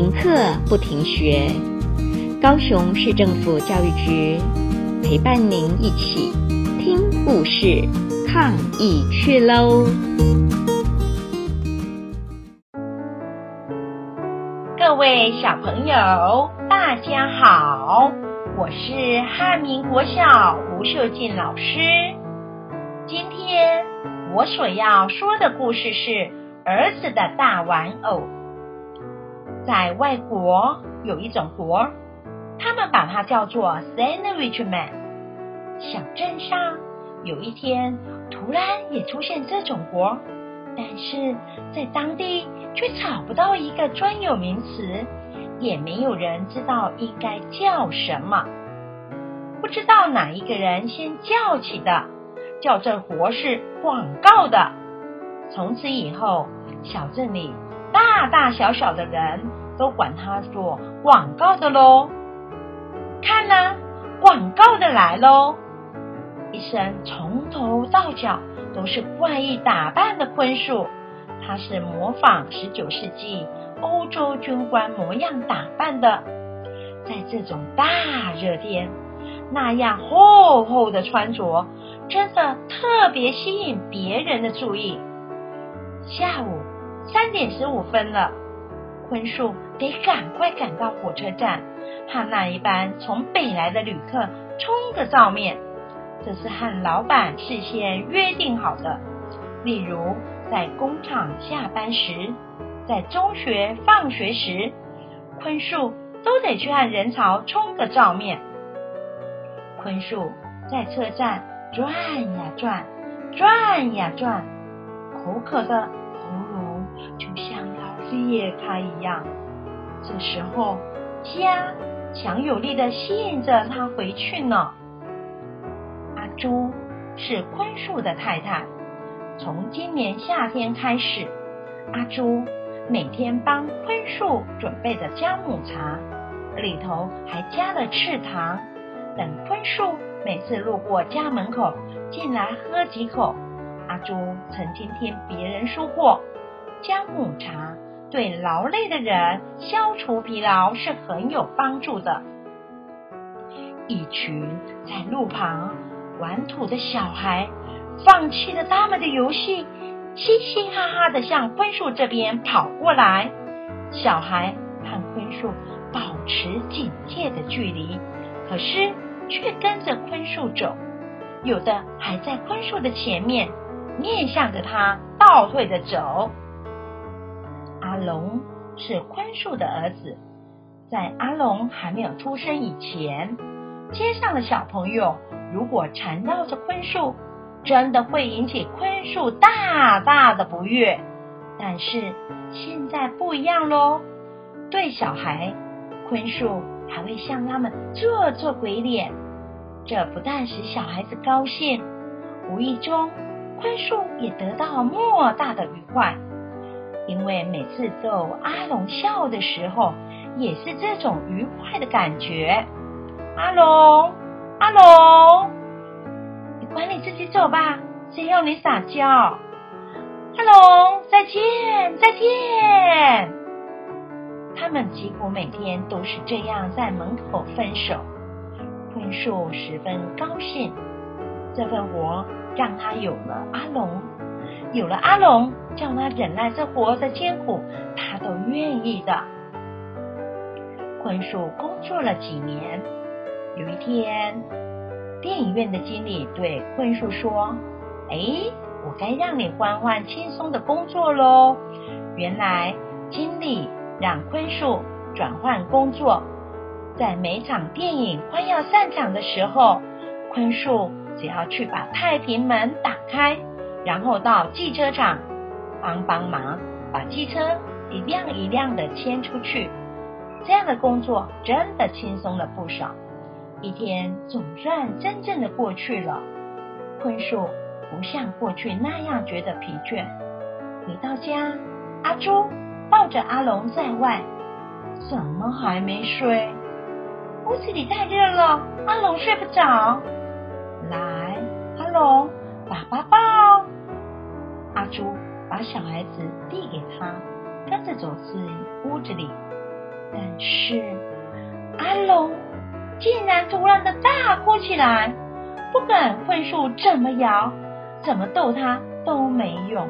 停課不停學，高雄市政府教育局陪伴您一起聽故事、抗疫去嘍！各位小朋友，大家好，我是漢民國小吳秀靜老師。今天我所要說的故事是《兒子的大玩偶》。在外國有一種活兒，他們把它叫做 sandwich man。小鎮上有一天突然也出現這種活兒，但是在當地卻找不到一個專有名詞，也沒有人知道應該叫什麼。不知道哪一個人先叫起的，叫這活是廣告的。從此以後，小鎮裡大大小小的人都管他做廣告的嘍。看吶、啊，廣告的來嘍！一身從頭到腳都是怪異打扮的坤樹，他是模仿十九世紀歐洲軍官模樣打扮的。在這種大熱天，那樣厚厚的穿着，真的特別吸引別人的注意。下午三點十五分了，坤樹得趕快趕到火車站，和那一班從北來的旅客衝個照面。這是和老板事先約定好的。例如，在工廠下班時，在中學放學時，坤樹都得去和人潮衝個照面。坤樹在車站轉呀轉，轉呀轉。口渴的喉嚨就像要裂開一樣，這時候家強有力地吸引着他回去呢。阿朱是坤樹的太太，從今年夏天開始，阿朱每天幫坤樹準備的薑母茶裡頭還加了赤糖，等坤樹每次路過家門口進來喝幾口。阿珠曾經聽，聽別人說過，薑母茶對勞累的人消除疲勞是很有幫助的。一群在路旁玩土的小孩放棄了他們的遊戲，嘻嘻哈哈的向坤樹這邊跑過來。小孩看坤樹保持警戒的距離，可是卻跟着坤樹走，有的還在坤樹的前面。面向着他倒退着走。阿龍是坤樹的兒子，在阿龍還沒有出生以前，街上的小朋友如果纏繞着坤樹，真的會引起坤樹大大的不悅。但是現在不一樣嘍，對小孩，坤樹還會向他們做做鬼臉，這不但使小孩子高興，無意中，坤樹也得到莫大的愉快，因為每次逗阿龍笑的時候，也是這種愉快的感覺。阿龍，阿龍，你管你自己走吧，誰要你撒嬌？阿龍，再見，再見。他們幾乎每天都是這樣在門口分手，坤樹十分高興。這份活讓他有了阿龍，有了阿龍，叫他忍耐這活的艱苦，他都願意的。坤樹工作了幾年，有一天，電影院的經理對坤樹說：“哎，我該讓你換換輕鬆的工作嘍。”原來經理讓坤樹轉換工作，在每場電影快要散場的時候，坤樹。只要去把太平門打開，然後到汽車廠幫幫忙，把汽車一輛一輛的牽出去，這樣的工作真的輕鬆了不少。一天總算真正的過去了，坤樹不像過去那樣覺得疲倦。回到家，阿珠抱着阿龍在外，怎麼還沒睡？屋子裡太熱了，阿龍睡不着。來，阿龍，爸爸抱。阿珠把小孩子遞給他，跟着走進屋子裡。但是阿龍竟然突然的大哭起來，不管坤樹怎麼搖，怎麼逗他都沒用。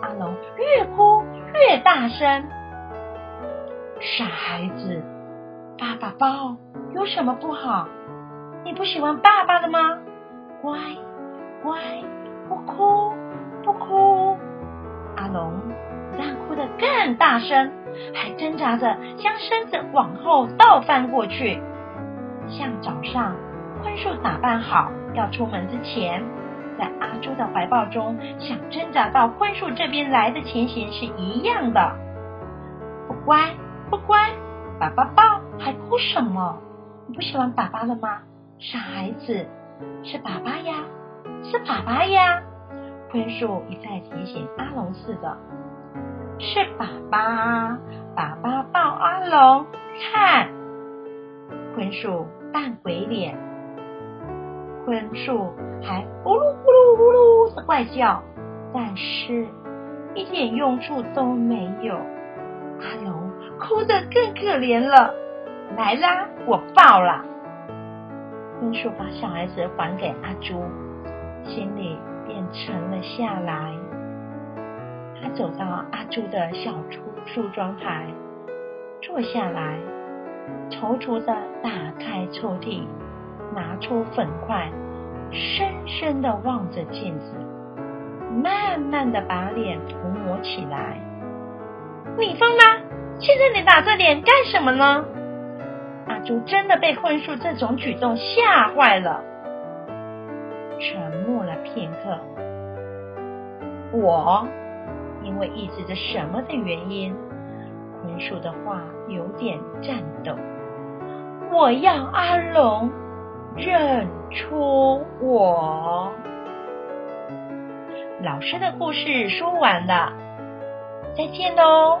阿龍越哭越大聲。傻孩子，爸爸抱有什麼不好？你不喜歡爸爸的嗎？乖，乖，不哭，不哭。阿龍不但哭得更大聲，還掙扎着將身子往後倒翻過去，像早上坤樹打扮好要出門之前，在阿珠的懷抱中想掙扎到坤樹這邊來的情形是一樣的。不乖，不乖，爸爸抱，還哭什麼？你不喜歡爸爸了嗎？傻孩子。是爸爸呀，是爸爸呀！坤樹一再提醒阿龍似的，是爸爸，爸爸抱阿龍，看坤樹扮鬼臉，坤樹還咕嚕咕嚕咕嚕的怪叫，但是一點用處都沒有，阿龍哭得更可憐了。來啦，我抱啦。坤樹把小孩子還給阿珠，心裡便沉了下來。他走到阿珠的小梳梳妝台，坐下來，躊躇着打開抽屜，拿出粉塊，深深的望着鏡子，慢慢的把臉塗抹起來。你瘋啦，現在你打這臉幹什麼呢？阿朱真的被坤樹這種舉動嚇壞了，沉默了片刻。我因為抑制着什麼的原因，坤樹的話有點顫抖。我要阿龍認出我。老師的故事說完了，再見哦。